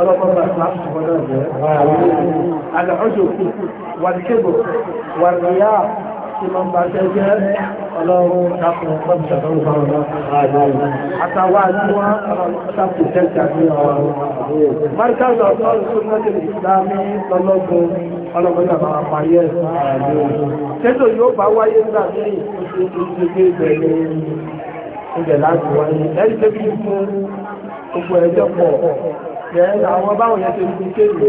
ọlọ́pàá ìsìláàmù gbọ́dọ̀ jẹ́ àlọ́jọ́ wàdíkébò wàdíyà tí wọ́n bá jẹ́ jẹ́ tí wọ́n bá wà yẹ́ tẹ́tò yóò ibẹ̀ láti wáyé ẹ̀rí pé kí fún gbogbo ẹjọ́ pọ̀ yẹn àwọn báwọn yẹn ṣe fi kéde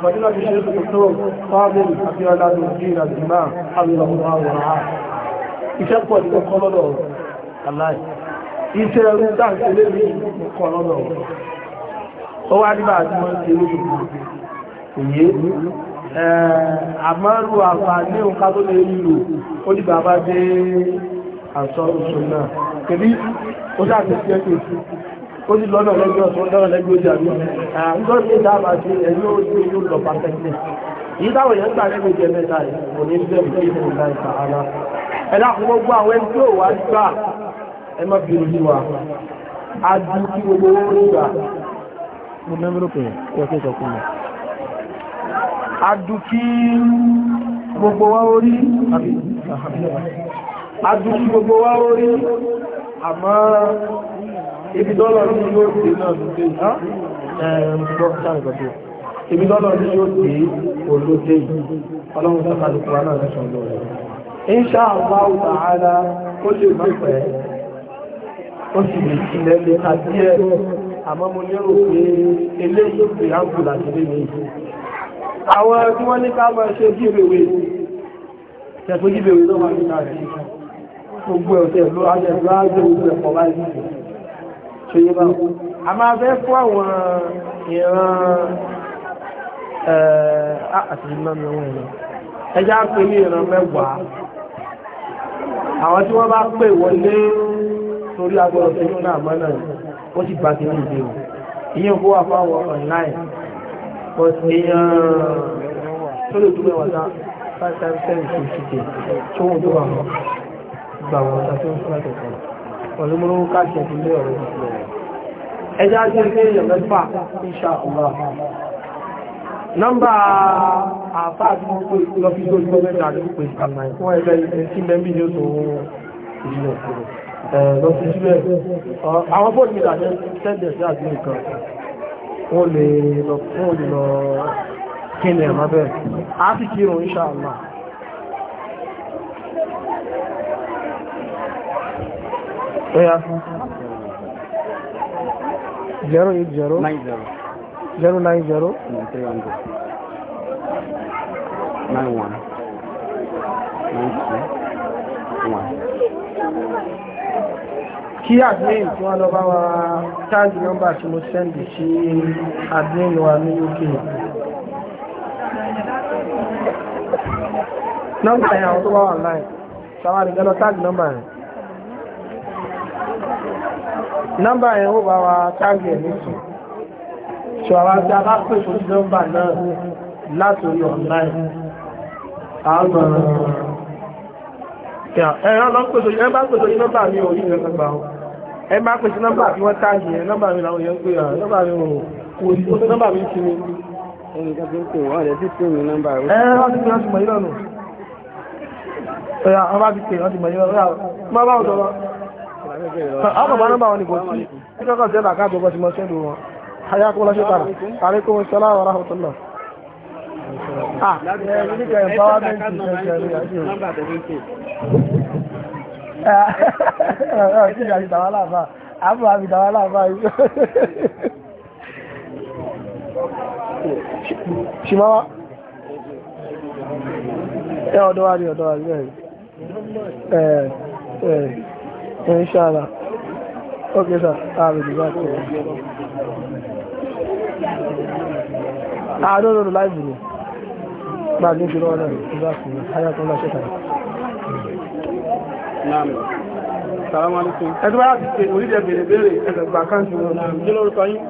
fọdúnàbí ṣe tó fáwọn àbíọ́lá ló bí ìrìnàjìmá àwìlọ́wọ́ àwòrán iṣẹ́ pọ̀ ní kọ́kọ́ lọ́dọ̀ aláì iṣẹ́ ẹrú dáǹtì lè ní kọ́ lọ́dọ̀ ó wá nígbà tí wọ́n ti lóṣù òye àmọ́rù àǹfààní òǹkà tó lè rí rò ó dìgbà bá dé àṣọ́rù ṣùnà kìrí ó láti jẹ́ pé ó ní lọ́nà lẹ́gbẹ́ ọ̀tún lọ́nà lẹ́gbẹ́ ojú àmì àwọn ìjọ ìdáàbà sí ẹ̀yí ó ní yóò lọ pàtẹ́kìlẹ̀ yìí táwọn èèyàn gbà lẹ́gbẹ́ jẹ mẹ́ta yìí kò ní bẹ́ẹ̀ bí ìlú ìlà ìtàhánà ẹ̀dá fún gbogbo àwọn ẹni tí ó wá gbà ẹ má bí ojú wa a dú kí gbogbo owó rí gbà. mo mẹ́mọ́rò pé ọkẹ́ a dú kí gbogbo wa orí àbí adúgbò gbogbo wá orí àmọ́ ibi dọ́lọ̀ ní yóò dé náà lóde ibi dọ́lọ̀ ní yóò dé olóde ọlọ́run sákàlùkù wa náà lẹ́sàn lọ́rẹ̀ insha Allah ta'ala ó lè má pẹ́ ó sì lè sílẹ̀ lè ká díẹ̀ àmọ́ mo lérò pé eléyìí pé áńkùlà ti lé mi àwọn tí wọ́n ní ká máa ṣe gíbèwé tẹ̀sọ́ gíbèwé lọ́wọ́ nígbà rẹ̀ gbogbo ẹ̀tẹ́ ló ajẹ́ ìgbàájẹ́ gbogbo ẹ̀kọ́ báyìí tó yé bá a máa fẹ́ fún àwọn ìran àti ìmọ̀mí wọn ìran ẹjá pé ní ìran mẹ́wàá àwọn tí wọ́n bá pè wọlé torí agbọ́dọ̀ tẹ́jú náà mọ́ náà ó sì bá ti ní ìdí o ìyẹn kó wà fáwọn online but èèyàn tó lè dúró ẹwà dá five times ten to fifty tó wọ́n gbà wọn tàbí ó fún ẹ̀kọ́ pẹ̀lú mú káṣẹ tó lé ọ̀rọ̀ ìṣẹ̀lẹ̀ rẹ̀ ẹjá sí ilé èèyàn mẹ́fà insha Allah nọ́mbà àfáà tí wọ́n pè lọ fi tó ìgbọ́ mẹ́ta ní pé ìkànnà ìfún ẹgbẹ́ tí mẹ́bí ní ó tó ìlú lọ sí sílẹ̀ àwọn fóònù mi dàjẹ́ tẹ́lẹ̀ sí àti nǹkan wọ́n lè lọ kí ni ẹ̀mọ́ bẹ́ẹ̀ á sì kírun oya zero eight zero nine zero zero nine zero three hundred nine one nine two one. kí admin tí wọ́n lọ bá wa táàgì nọ́mbà tí mo sẹ́ndì sí admin wa ní UK nọ́mbà yẹn àwọn tó bá wà láì sáwọn àdìgẹ́lọ táàgì nọ́mbà yẹn nọ́mbà yẹn ó bá wa táàgì ẹ̀ nìkan ṣọ̀rọ̀ àti alápè fún nọ́mbà náà látòrí online àwọn ẹ̀rọ lọ́pẹ̀sọ̀ yẹn bá pẹ̀sọ̀ yí nọ́mbà mi ò yí nǹkan gbà ó ẹ bá pèsè nọ́mbà tí wọ́n táàgì ẹ̀ nọ́mbà mi làwọn èèyàn pè rà nọ́mbà mi ò kò sí ó nọ́mbà mi kí ni. ẹnìkan tó ń pè wọ́n rẹ̀ sí pé mi nọ́mbà rẹ̀. ẹ wọ́n ti pè wọ́n ti mọ̀ yí lọ́nu. ọ̀yà wọ́n bá ti pè wọ́n ti mọ̀ yí lọ́nu. ọ̀yà wọ́n bá wọ́n sọ̀rọ̀. àwọn bàbá nọ́mbà wọn ni kò sí ẹjọ́ kan sẹ́lá káàbọ̀ bọ́ sí mọ́ sẹ́lú wọn ayá kó lọ́sẹ̀ tààrà àrí kó wọn sọlá wàrà ọ̀tọ̀ lọ. Àbúrò àbí anyị. láàbá yìí. Ṣìmáwá. Ẹ ọ̀dọ́wà rí ọ̀dọ́wà Inshallah. Okay, sir. I will be back to you. I don't know the live video. But I think you know that. Exactly. I have to check the Naam. Salaam alaikum. Ẹgbẹ́ bá láti ṣe orílẹ̀ èdè ìbéèrè ẹgbẹ̀gbà kan ti wọn. Kí ló rúkọ yín?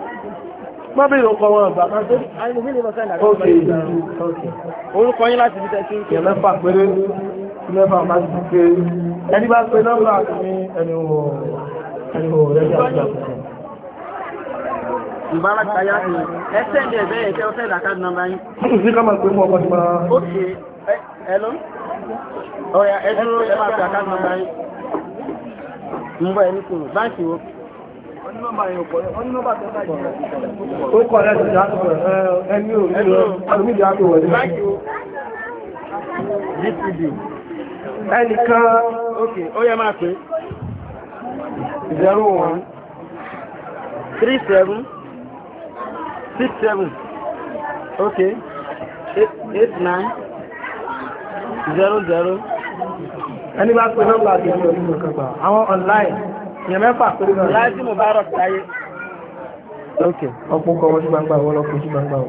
Má bèèrè ọkọ̀ wọn ọ̀gbà kan tó. Orúkọ yín láti fi tẹ́sí. Ìyẹn mẹ́fà péré. Mẹ́fà máa ti pé ẹni bá pé nọ́mbà ní ẹni wọ̀ ẹni wọ̀ rẹ̀ jà sí àkùkù. ìbáraka yá ni ẹsẹ̀ ní ẹ̀bẹ̀ ẹ̀kẹ́ ọ̀fẹ́ ìdàkà nọ́mbà yín. sí ká máa pè mú ọkọ̀ tí máa. ó ṣe ẹ lọ. ọ̀yà ẹ dúró ẹ máa pè àká nọ́mbà yín. ń bọ̀ ẹni kùnú báńkì wo. ó kọ̀ ẹ̀ ṣe àtúntò ẹni ò ní lọ àdúgbò ìdí àpò wọlé. báńkì wo. dpd ẹnìkan ok ó yẹ máa pé 01 37 67 ok 89 00 ẹni bá pè nọ́mbà àti ìlú ìlú ìkọ̀kọ̀ àwọn online ìyẹn mẹ́fà pé náà láti mo bá rọ̀ sáyé ok ọ̀pọ̀ kọ̀ wọ́n sí gbangba wọ́n lọ kò sí gbangba ọ̀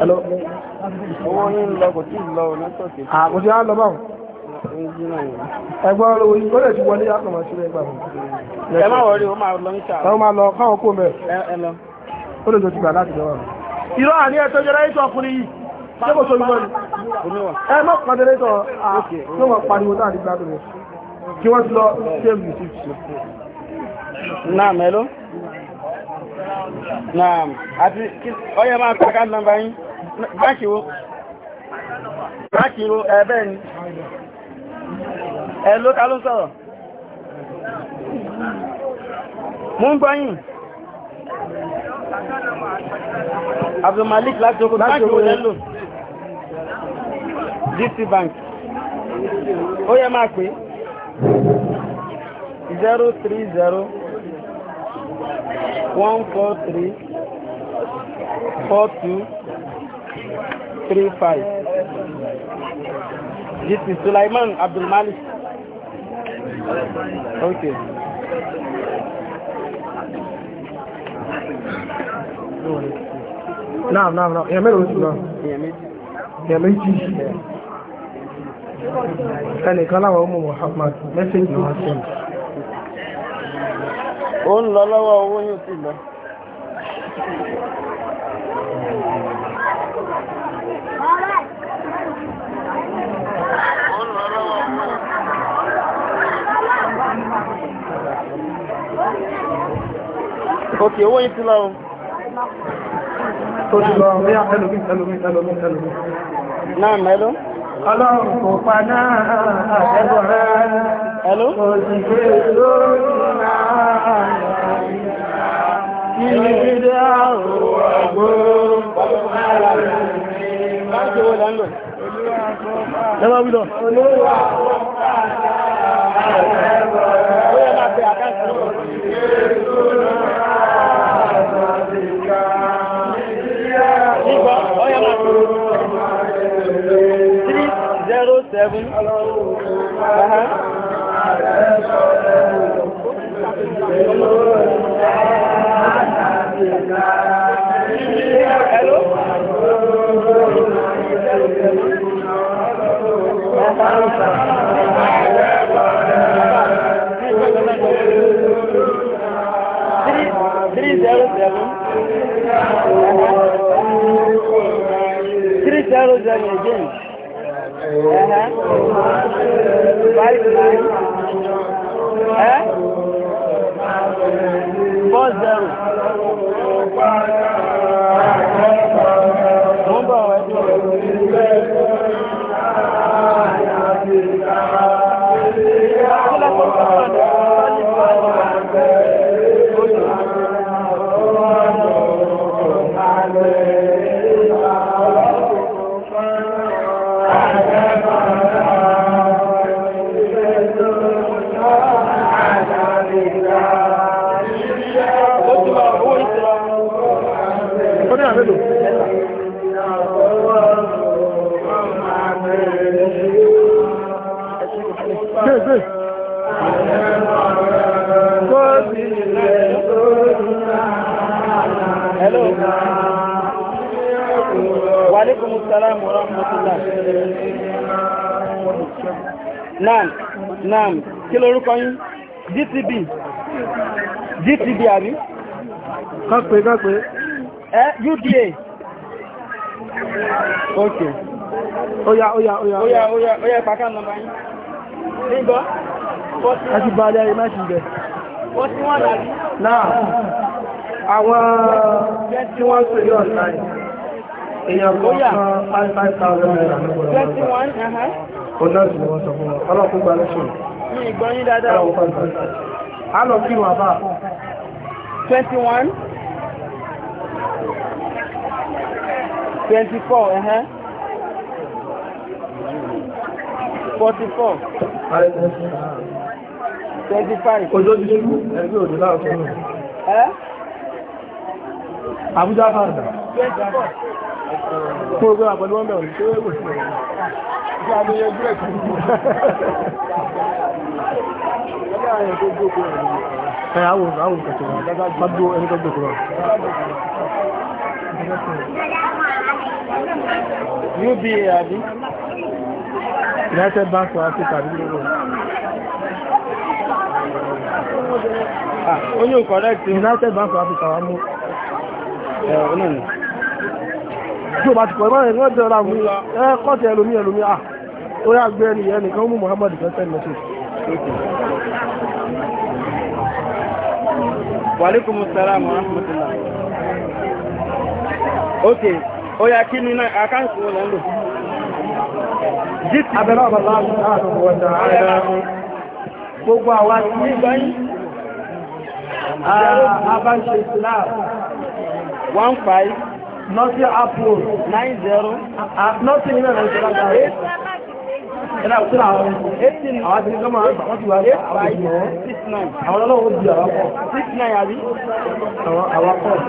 hello. owó yín lọ kò tí ì lọ onítọ̀kì. àkò tí a lọ báwọn. ẹgbọ́n olówó yìí kọ́lẹ̀ ti wọlé àkànmọ́ sílẹ̀ gbà fún. ẹ má wọrí o máa lọ níta. ẹ máa lọ káwọn kó mẹ. ẹ lọ. ó lè jọ ti gbà láti lọ wọn. irọ́ àní ẹ̀tọ́ jẹ́ láyé tó ọkùnrin yìí ṣé kò sóyún wọn ni. ẹ má pàdé lẹ́tọ̀ yóò máa pariwo náà nígbà tó kí wọ́n ti lọ ṣé mi sí. náà mẹ́lọ́. naam àti ọyẹ máa pàkà nàmbà yín báńkì wo báńkì wo ẹ̀bẹ́ ni ẹ̀ ló ká ló sọ̀rọ̀ mú ń gbọ́ yín abdulmalik láti okò báńkì wo lẹ́lò gt bank ó yẹ máa 030 one four three four two three five this is Sulaiman Abdul Malik okay. Naam, naam, naam. Èèyàn mélòó Yeah náà? Yeah méjì. Ẹnìkan láwọn ọmọ Muhammad mẹ́sẹ̀jì Muhammad. Message sẹ́nu ó ń lọ lọ́wọ́ owó yóò sì lọ. Òkè owó yìí ti lọ o. Tó ti lọ, bí a ẹlòmí, ẹlòmí, ẹlòmí, ẹlòmí. Náà mẹ́lú. Ọlọ́run kò pa náà àtẹ́gbọ̀n Ẹlú. Òṣìṣẹ́ lórí Lẹ́wọ́ wílọ̀. Olúwa Uh-huh. Five nine. Eh? four zero. mélòó Gbẹ̀gbẹ̀. Hello. Wa alaikum assalam wa rahmatullah. Naam, naam, kí lórúkọ yín? GTB. GTB àbí? Kápẹ́ kápẹ́. Eh, UDA ok oya oya oya oya oya oya ìpàkà nọmba yìí nígbọ́ àti balẹ̀ ayé máa ti bẹ̀ wọ́n tí wọ́n láti náà àwọn tí wọ́n pè ní ọ̀nà èèyàn kan 5,000 naira ọ̀nà tí wọ́n sọ fún wọn ọlọ́pùn gbà lọ́sùn ní ìgbọ́n yí dáadáa 21 twenty four ẹ̀hẹ́n forty four twenty five. ojú ojú ṣubú ẹgbẹ́ òde láwọn fún mi. Abuja Fanda. Fún ogun àpọ̀lú wọn bẹ̀rù tó wéwò sí ẹ̀rọ. Ṣé a lè yẹ ojú ẹ̀kú? Ẹgbẹ́ àwọn ẹ̀kọ́ jókòó ẹ̀rọ. Ẹ àwọn òkú àwọn òkú kẹ̀kẹ́ rẹ̀. Bá dúró ẹni tó jókòó rẹ̀ uba àbí united bank of africa àbí gbogbo ah, ó yóò correct united bank of africa wà mú ẹ̀ ọ̀nà ni tí o bá ti kọ̀ ìbára ẹ̀rọ ẹ̀jẹ̀ ọ̀la àwọn ẹ̀ kọ́ọ̀tì ẹlòmí ẹlòmí à ah, ó yà gbé ẹni yẹn nìkan mú Muhammad fẹ́fẹ́ message. wàlékùmù sàlámù rahmatullah. okay ó yá kí ní àkáǹtì wọn lọ́lò abẹ́rẹ́ ọ̀bàbá àrùn wọ̀ta gbogbo àwọn tí ní gbọ́yìn abáṣe 15 nọ́tí apple 90 nọ́tí ní mẹ́rin ìṣẹ́lá gbáyé ẹ̀dá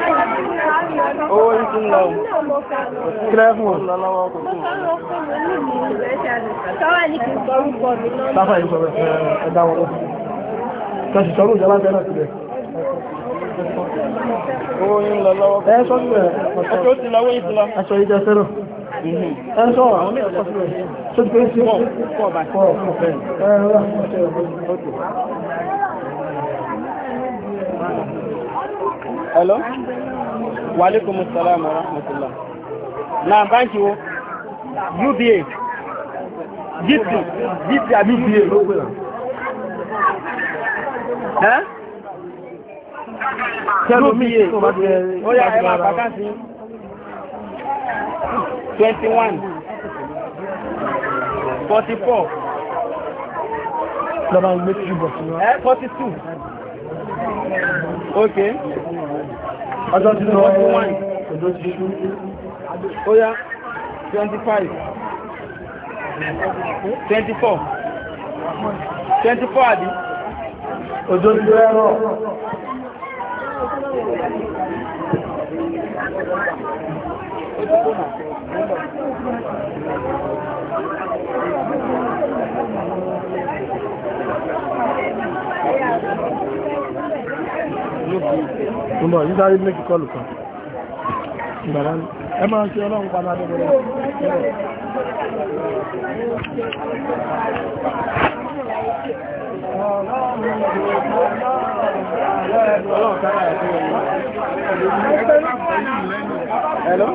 owó yìí tún lọ kílẹ̀fù láfà yìí sọ̀rọ̀ ẹ̀dá wọn kẹsì sọ̀rọ̀ ìjọba bẹ̀rẹ̀ sílẹ̀ owó yìí lọ lọ́wọ́ ẹ sọ sílẹ̀ ọjọ́ ti lọ́wọ́ yìí ti lọ aṣọ yìí jẹ sẹ́rọ̀ ẹ sọ àwọn mẹ́rin sọ sílẹ̀ sọ ti pé sí pọ̀ bá pọ̀ bẹ́ẹ̀ ẹ rọra Hello? Wa alaikum assalam wa rahmatullah. Na banki wo? UBA. GT. GT àbí UBA ló gbé náà. Ẹ́? Tẹ́lómi yé. Ó yá ẹ máa bàkà sí. Twenty one. Forty four. Lọ́ba ń gbé three bọ̀ sí wa. Ẹ forty two. Okay ọjọ́ ti lọ wáyé ọjọ́ ti ṣú ó yá 25 24 24 àbí ọjọ́ ti lọ ẹ̀rọ Thank you ọmọ ìdárí méjì kọlù kan ìgbàrá ẹ máa ṣe ọlọ́run padà dẹ́gbẹ̀rẹ̀ Hello?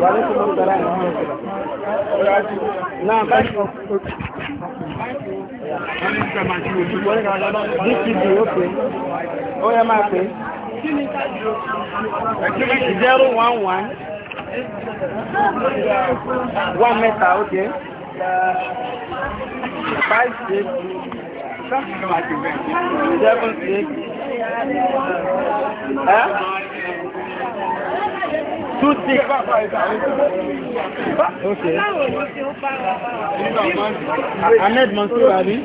Wàlé tí wọ́n tẹ́lá ìwọ̀n náà bá ṣe This is the open ó yẹ máa pé zero one one one mẹ́ta ó jẹ́ five six seven six eh? two six okay Ahmed Mansour Ali.